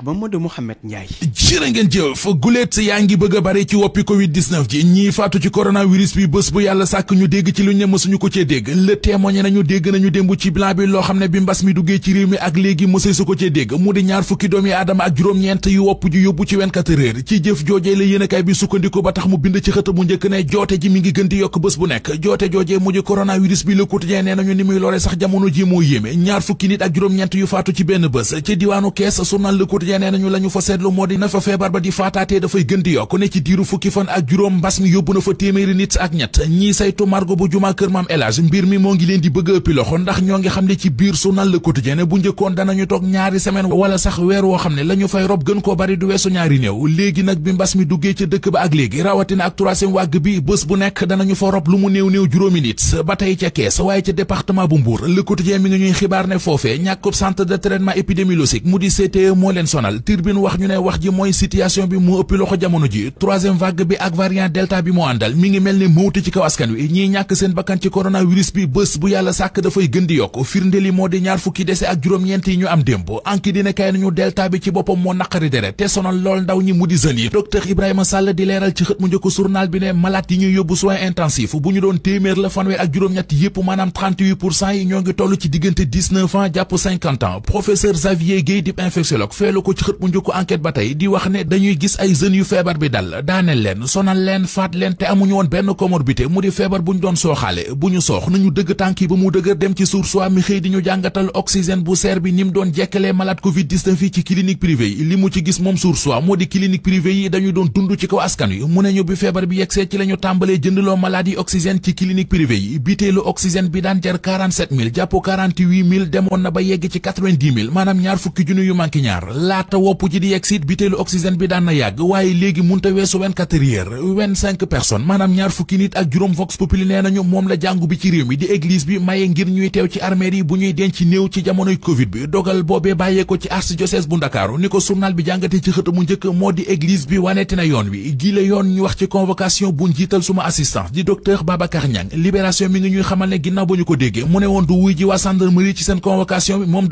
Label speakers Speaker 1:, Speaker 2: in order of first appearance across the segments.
Speaker 1: Mamadou Mouhamed Ndiaye jërë ngeen jëf guléet yaa ngi bëgg a bari ci woppi covid 19 ji ñiy faatu ci coronavirus bi bés bu yàlla sàkk ñu dégg ci lu ñu ne mësuñu ko cee dégg le témoigné nañu dégg nañu démb ci bilan bi loo xam ne bi mbas mi duggee ci réew mi ak léegi mësee su ko cee dégg mu di ñaar fukki doomi aadama ak juróom-ñeent yu wopp ju yóbbu ci 24 heures ci jëf joojee la yéenekaay bi sukkandiku ba tax mu bind ci xët mu njëkk ne joote ji nekk joote joojee mu di coronavirus bi Le Quotidien nee nañu ni muy lore sax jamono ji moo yéeme ñaar fukki Quotidien nee nañu la ñu fa seetlu moo di na fa feebar ba di faataatee dafay gën di yokku ne ci diiru mi mbir mi moo ngi leen di bëgg ëppi ndax ñoo ngi xam ne ci biir journal Le Quotidien ne bu njëkkoon danañu toog ñaari semaine wala sax weer woo xam ne la ñu fay rob gën koo bari du weesu ñaari néew léegi nag bi mbas mi duggee ca dëkk ba ak léegi rawatina ak troisième wàgg bi bés bu nekk danañu fa rob lu mu néew néew juróomi nit ba tey ca kees waaye ca département bu Mbour Le Quotidien mi ngi ñuy xibaar ne foofee ñàkkub centre de traitement épidémiologique mu di CTE moo sonal turbine wax ñu ne wax ji mooy situation bi mu ëppi loxo jamono ji troisième vague bi ak variant delta bi moo àndal mi ngi mel ni mawti ci kaw wi ñiy ñàkk seen bakkan ci coronavirus bi bés bu yàlla sàkk dafay gën di yokk firnde li moo di ñaar fukki dese ak juróom-ñeent yi ñu am démb anki dina kay nañu delta bi ci boppam moo naqari deret te sonal lool ndaw ñi mu di jeunes yi docteur Ibrahima Sall di leeral ci xët mu njëkk journal bi ne malade ko ci xët mu njëkk enquête ba tey di wax ne dañuy gis ay jeunes yu feebar bi dal daaneel leen sonal leen faat leen te amuñu woon benn comorbidité mu di feebar bu ñu doon sooxaale bu ñu soox nañu dëgg tànk yi ba mu dëgër dem ci source mi xëy di ñu jàngatal oxygène bu seer bi ni doon jekkalee malade covid fii ci clinique privée yi li mu ci gis moom source moo di clinique privée yi dañu doon dund ci kaw askan wi mu ne ñu bi feebar bi yegsee ci la ñu tàmbalee jëndloo malade yi oxygène ci clinique privée yi biteelu oxygène bi daan jar 47000 jàpp 48000 demoon na ba yegg ci 90000 maanaam ñaar fukki junni yu manki ñaar laata wopp ji di maanaam ñaar fukki nit ak juróom vox populi nee nañu moom la jàngu bi ci réew mi di église bi maye ngir ñuy teew ci armeel yi bu ñuy denc néew ci jamonoy covid bi dogal boobee bàyyee ci archidiocèse bu ndakaaru ni ko journal bi jàngate ci xët mu njëkk moo di église bi waneeti na yoon wi giile yoon ñu wax ci convocation bu njiital suma assistance di docteur Babacar Niang libération mi ngi ñuy xamal ne ginnaaw ba ñu ko déggee mu ne woon du wuy ji waa gendarmerie ci seen convocation bi moom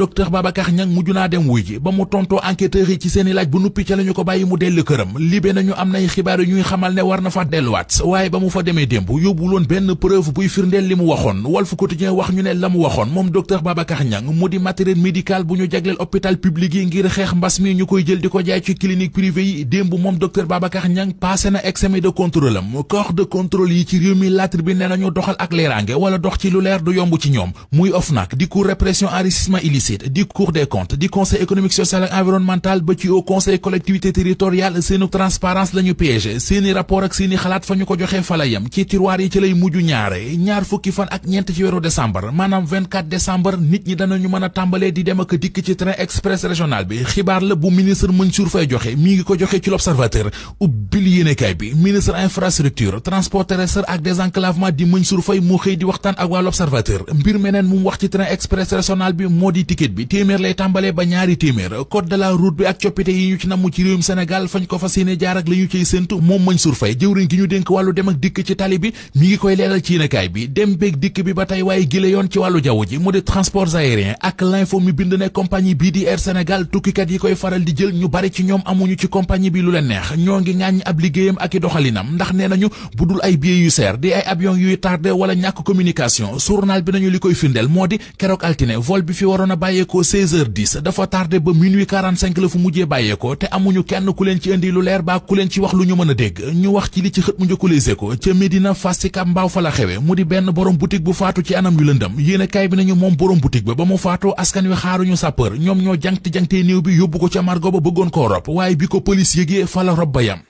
Speaker 1: enquêteurs yi ci seeni laaj bu nuppi ca la ñu ko bàyyi mu dellu këram libé nañu am nay xibaar yu ñuy xamal ne war na fa delluwaat waaye ba mu fa demee démb yóbbuloon benn preuve buy firndeel li mu waxoon Walf Quotidien wax ñu ne la mu waxoon moom docteur Babacar Niang mu di matériel médical bu ñu jagleel hôpital public yi ngir xeex mbas mi ñu koy jël di ko jaay ci clinique privée yi démb moom docteur Babacar Niang passé na examen de contrôle corps de environnementale ba ci au conseil collectivité territoriale seenu transparence la ñu seeni rapport ak seeni xalaat fa ñu ko joxee fa la ci tiroir yi ci lay mujj ñaare ñaar fukki fan ak ñeent ci weeru décembre maanaam 24 nit ñi danañu mën a tàmbalee di dem ak dikk ci train express régional bi xibaar la bu ministre Mansour Faye joxe mi ngi ko joxe ci l'observateur ubbil yéenekaay bi ministre infrastructure transport terrestre ak désenclavement di di waxtaan plan route bi ak coppite yi ñu ci namm ci réewum Sénégal fañ ko fas yéene jaar ak la ñu ciy séntu moom Mansour Faye jëwriñ gi ñu dénk wàllu dem ak dikk ci tali bi mi ngi koy leeral ci yéenekaay bi dem beeg dikk bi ba tey waaye gile yoon ci wàllu jaww ji mu di transports aériens ak l'info mi bind ne compagnie bii di Air Sénégal tukkikat yi koy faral di jël ñu bari ci ñoom amuñu ci compagnie bi lu leen neex ñoo ngi ŋàññ ab liggéeyam ak i doxalinam ndax nee nañu bu ay billets yu seer di ay avion yuy tardé bi nañu li koy findeel moo di a bàyyeekoo 25 la fu mujjee bàyyeekoo te amuñu kenn ku leen ci indi lu leer baa ku leen ci wax lu ñu mën a dégg ñu wax ci li ci xët mu njëkk Les Échos ca Médina Fass Sicap Mbao fa la xewe mu di benn borom boutique bu faatu ci anam yu lëndëm yéen a kaay bi nañu moom borom boutique ba ba mu faatoo askan wi xaaruñu sapeur ñoom ñoo jangti jangtee néew bi yóbbu ko ca margo ba bëggoon koo rob waaye bi ko police yëgee fa la rob ba yam